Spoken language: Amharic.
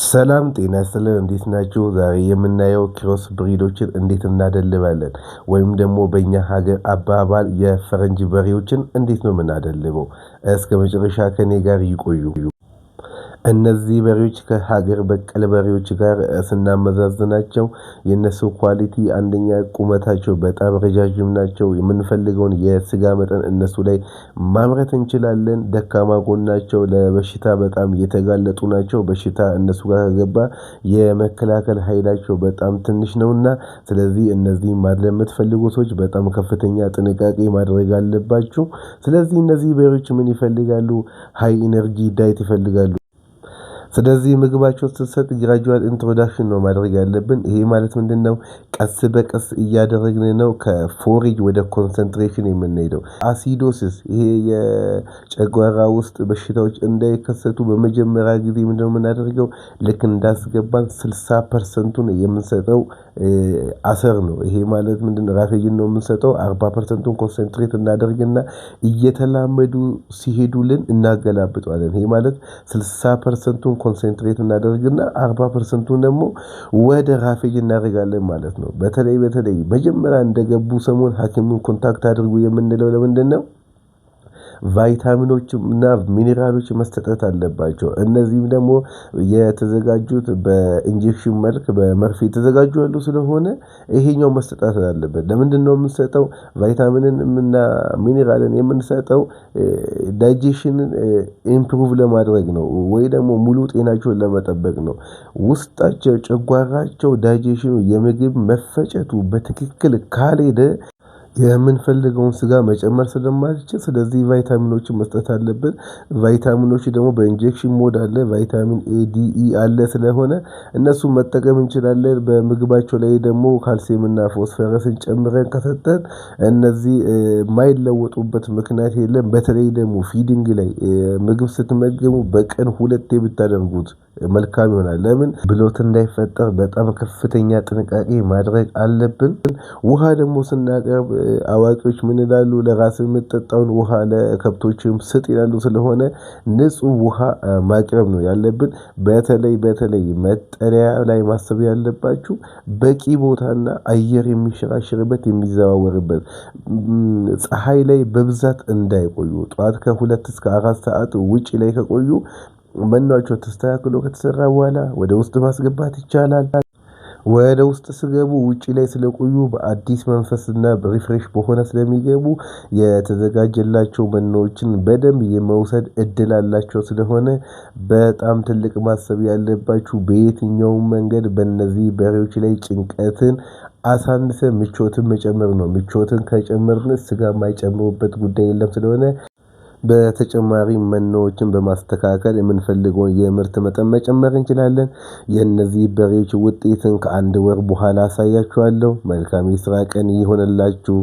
ሰላም ጤና ይስጥልን እንዴት ናችሁ? ዛሬ የምናየው ክሮስ ብሪዶችን እንዴት እናደልባለን ወይም ደግሞ በእኛ ሀገር አባባል የፈረንጅ በሬዎችን እንዴት ነው የምናደልበው? እስከ መጨረሻ ከኔ ጋር ይቆዩ። እነዚህ በሬዎች ከሀገር በቀል በሬዎች ጋር ስናመዛዝናቸው የእነሱ ኳሊቲ አንደኛ ቁመታቸው በጣም ረዣዥም ናቸው። የምንፈልገውን የስጋ መጠን እነሱ ላይ ማምረት እንችላለን። ደካማ ጎናቸው ለበሽታ በጣም የተጋለጡ ናቸው። በሽታ እነሱ ጋር ከገባ የመከላከል ኃይላቸው በጣም ትንሽ ነውና ስለዚህ እነዚህ ማድለብ የምትፈልጉ ሰዎች በጣም ከፍተኛ ጥንቃቄ ማድረግ አለባችሁ። ስለዚህ እነዚህ በሬዎች ምን ይፈልጋሉ? ሀይ ኢነርጂ ዳይት ይፈልጋሉ ስለዚህ ምግባቸው ስሰጥ ግራጁዋል ኢንትሮዳክሽን ነው ማድረግ ያለብን። ይሄ ማለት ምንድነው? ቀስ በቀስ እያደረግን ነው ከፎሬጅ ወደ ኮንሰንትሬሽን የምንሄደው። አሲዶሲስ ይሄ የጨጓራ ውስጥ በሽታዎች እንዳይከሰቱ በመጀመሪያ ጊዜ ምንድነው የምናደርገው? ልክ እንዳስገባን ስልሳ ፐርሰንቱን የምንሰጠው አሰር ነው። ይሄ ማለት ምንድነው? ራፌጅን ነው የምንሰጠው። አርባ ፐርሰንቱን ኮንሰንትሬት እናደርግና እየተላመዱ ሲሄዱልን እናገላብጠዋለን። ይሄ ማለት ስልሳ ፐርሰንቱን ኮንሰንትሬት እናደርግና አርባ ፐርሰንቱን ደግሞ ወደ ራፌጅ እናደርጋለን ማለት ነው። በተለይ በተለይ መጀመሪያ እንደገቡ ሰሞን ሀኪሙን ኮንታክት አድርጉ የምንለው ነው ቫይታሚኖችም እና ሚኔራሎች መሰጠት አለባቸው። እነዚህም ደግሞ የተዘጋጁት በኢንጀክሽን መልክ በመርፌ የተዘጋጁ ያሉ ስለሆነ ይሄኛው መሰጣት አለበት። ለምንድነው የምንሰጠው? ቫይታሚንን እና ሚኔራልን የምንሰጠው ዳይጀሽንን ኢምፕሩቭ ለማድረግ ነው ወይ ደግሞ ሙሉ ጤናቸውን ለመጠበቅ ነው። ውስጣቸው ጨጓራቸው ዳይጀሽኑ የምግብ መፈጨቱ በትክክል ካልሄደ የምንፈልገውን ስጋ መጨመር ስለማልችል ስለዚህ ቫይታሚኖችን መስጠት አለብን። ቫይታሚኖች ደግሞ በኢንጀክሽን ሞድ አለ ቫይታሚን ኤ ዲ ኢ አለ ስለሆነ እነሱን መጠቀም እንችላለን። በምግባቸው ላይ ደግሞ ካልሲየምና ፎስፈረስን ጨምረን ከሰጠን እነዚህ የማይለወጡበት ምክንያት የለም። በተለይ ደግሞ ፊዲንግ ላይ ምግብ ስትመገሙ በቀን ሁለቴ ብታደርጉት መልካም ይሆናል። ለምን ብሎት እንዳይፈጠር በጣም ከፍተኛ ጥንቃቄ ማድረግ አለብን። ውሃ ደግሞ ስናቀርብ አዋቂዎች ምን ይላሉ? ለራስ የምትጠጣውን ውሃ ለከብቶችም ስጥ ይላሉ። ስለሆነ ንጹህ ውሃ ማቅረብ ነው ያለብን። በተለይ በተለይ መጠለያ ላይ ማሰብ ያለባችሁ በቂ ቦታና አየር የሚሸራሽርበት የሚዘዋወርበት ፀሐይ ላይ በብዛት እንዳይቆዩ ጠዋት ከሁለት እስከ አራት ሰዓት ውጪ ላይ ከቆዩ መኗቸው ተስተካክሎ ከተሰራ በኋላ ወደ ውስጥ ማስገባት ይቻላል ወደ ውስጥ ስገቡ ውጭ ላይ ስለቆዩ በአዲስ መንፈስና በሪፍሬሽ በሆነ ስለሚገቡ የተዘጋጀላቸው መኖዎችን በደንብ የመውሰድ እድል አላቸው። ስለሆነ በጣም ትልቅ ማሰብ ያለባችሁ በየትኛውም መንገድ በነዚህ በሬዎች ላይ ጭንቀትን አሳንሰ ምቾትን መጨመር ነው። ምቾትን ከጨመርን ስጋ የማይጨምሩበት ጉዳይ የለም። ስለሆነ በተጨማሪ መኖዎችን በማስተካከል የምንፈልገውን የምርት መጠን መጨመር እንችላለን። የእነዚህ በሬዎች ውጤትን ከአንድ ወር በኋላ አሳያችኋለሁ። መልካም የስራ ቀን ይሆንላችሁ።